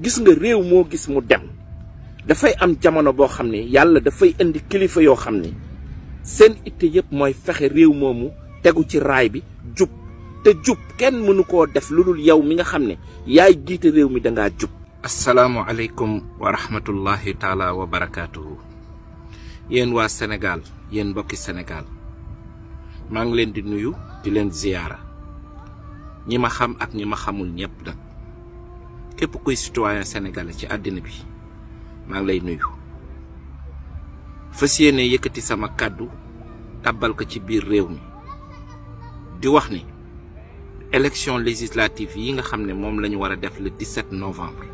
gis nga réew moo gis mu dem dafay am jamono boo xam ne yàlla dafay indi kilifa yoo xam ne seen itte yëpp mooy fexe réew moomu tegu ci raay bi jub te jub kenn mënu koo def lu dul yow mi nga xam ne yaay jiite réew mi dangaa jub asalaamualeykum wa rahmatullahi taala wa barakaatuhu yéen waa Sénégal yéen mbokki senegaal maa ngi leen di nuyu di leen ziyaara ñi ma xam ak ñi ma xamul ñépp nag képp kuy citoyen sénégalais ci àddina bi maa ngi lay nuyu fas yéene yëkkati sama kàddu tàbbal ko ci biir réew mi di wax ni élection législative yi nga xam ne moom la ñu war a def le 17 novembre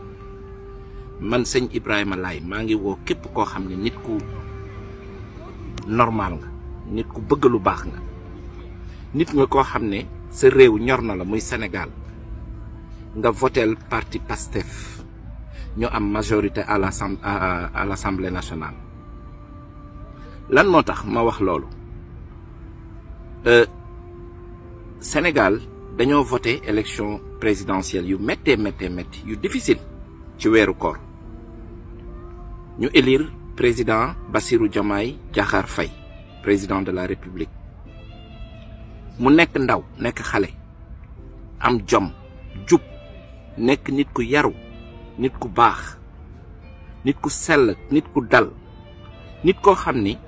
man sëñ Ibrahima Laye maa ngi woo képp koo xam ne nit ku normal nga nit ku bëgg lu baax nga nit nga koo xam ne sa réew ñor na la muy senegal nga voteel parti PASTEF ñu am majorité à l' à l'Assemblée nationale lan moo tax ma wax loolu euh, Sénégal dañoo voté élection présidentielle yu méttee méttee métti yu difficile ci weeru koor ñu élire président Bassirou Diomaye Diakhar Faye président de la République mu nekk ndaw nekk xale am jom nekk nit ku yaru nit ku baax nit ku sell nit ku dal nit koo xam ni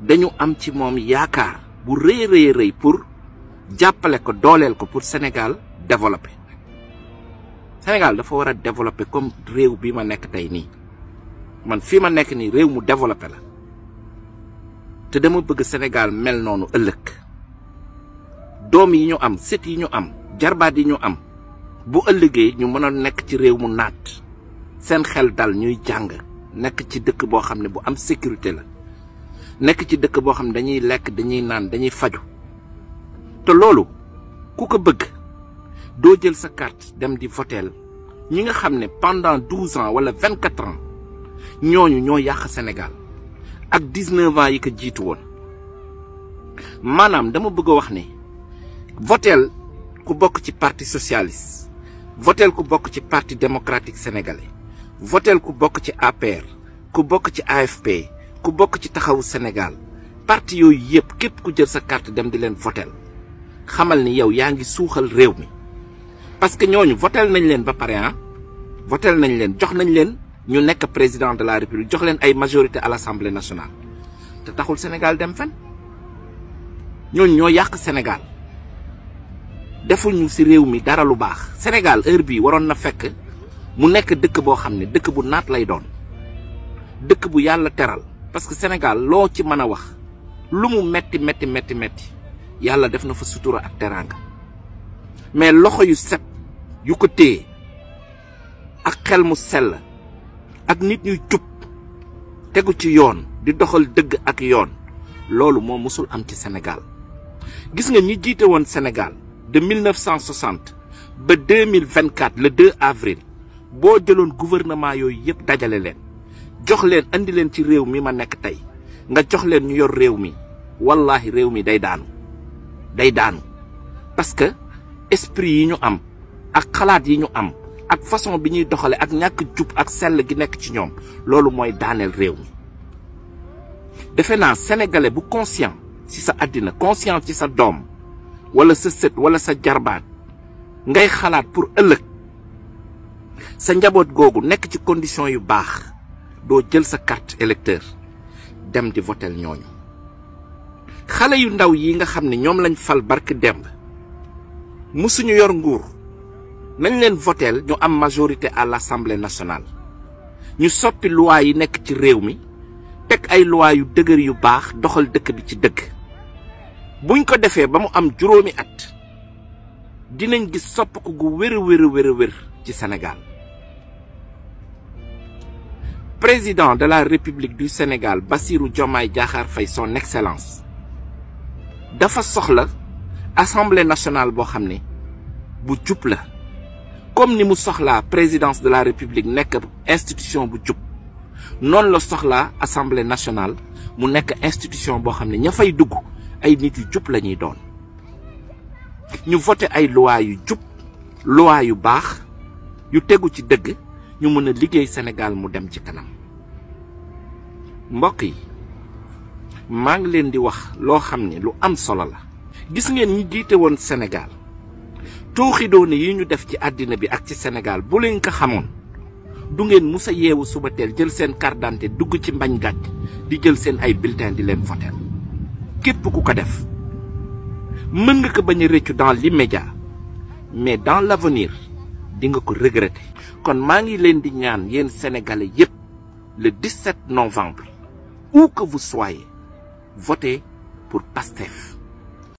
dañu am ci moom yaakaar bu rëy rëy rëy pour jàppale ko dooleel ko pour Sénégal développer Sénégal dafa war a développer comme réew bi ma nekk tey nii man fii ma nekk nii réew mu développer la te dama bëgg Sénégal mel noonu ëllëg doom yi ñu am set yi ñu am jarbaat yi ñu am bu ëllëgee ñu mën a nekk ci réew mu naat seen xel dal ñuy jàng nekk ci dëkk boo xam ne bu am sécurité la nekk ci dëkk boo xam ne dañuy lekk dañuy naan dañuy faju te loolu ku ko bëgg doo jël sa carte dem di voteel ñi nga xam ne pendant douze ans wala vingt quatre ans ñooñu ñoo yàq Sénégal ak dix neuf yi ko jiitu woon maanaam dama bëgg a wax ni voteel ku bokk ci parti socialiste voteel ku bokk ci parti démocratique sénégalais voteel ku bokk ci APR ku bokk ci AFP ku bokk ci taxawu Sénégal parti yooyu yëpp képp ku jël sa carte dem di leen voteel xamal ni yow yaa ngi suuxal réew mi parce que ñooñu voteel nañ leen ba pare ah. voteel nañ leen jox nañ leen ñu nekk président de la république jox leen ay majorité à l'assemblée nationale te taxul Sénégal dem fen ñooñu ñoo yàq Sénégal defuñu si réew mi dara lu baax Sénégal heure bii waroon na fekk mu nekk dëkk boo xam ne dëkk bu naat lay doon dëkk bu yàlla teral parce que Sénégal loo ci mën a wax lu mu metti metti metti yàlla def na fa sutura ak teraanga mais loxo yu set yu ko téye ak xel mu sell ak nit ñuy jub tegu ci yoon di doxal dëgg ak yoon loolu moo mësul am ci Sénégal gis nga ñi jiite woon Sénégal de 1960 ba la le 2 avril boo jëloon gouvernement yooyu yëpp dajale leen jox leen andi leen ci réew mi ma nekk tey nga jox leen ñu yor réew mi wallahi réew mi day daanu day daanu parce que esprit yi ñu am ak xalaat yi ñu am ak façon bi ñuy doxale ak ñàkk jub ak sell gi nekk ci ñoom loolu mooy daaneel réew mi defe naa sénégalais bu conscient ci sa àddina conscient ci sa doom wala sa sët wala sa jarbaat ngay xalaat pour ëllëg sa njaboot googu nekk ci condition yu baax doo jël sa carte électeur dem di votel ñooñu xale yu ndaw yi nga xam ne ñoom lañ fal bark demb musuñu yor nguur nañ leen votel ñu am majorité à l'Assemblée nationale ñu soppi loi yi nekk ci réew mi teg ay loi yu dëgër yu baax doxal dëkk bi ci dëgg buñ ko defee ba mu am juróomi at dinañ gis soppiku gu wér a wér wér wér ci Sénégal président de la République du Sénégal basiiru Diomaye Diakhar fay son excellence dafa soxla assemblée nationale boo xam ne bu jub la comme ni mu soxlaa présidence de la République nekk institution bu jub noonu la soxlaa assemblée nationale mu nekk institution boo xam ne ña fay dugg ay nit yu jub doon ñu vote ay loi yu jub loi yu baax yu tegu ci dëgg ñu mën a liggéey senegaal mu dem ci kanam mbokk yi maa ngi leen di wax loo xam ne lu am solo la gis ngeen ñi jiite woon Sénégal tooxidoone yi ñu def ci àddina bi ak ci Sénégal bu leen ko xamoon du ngeen mus a yeewu suba teel jël seen carte d'identité dugg ci mbañ gàtt di jël seen ay bulletin di leen voté képp ku ko def mën nga ko bañ a rëccu dans l'immédiat mais dans l'avenir di nga ko regretter. kon maa ngi leen di ñaan yéen sénégalais yépp le 17 novembre où que vous soyez votez pour Pastef.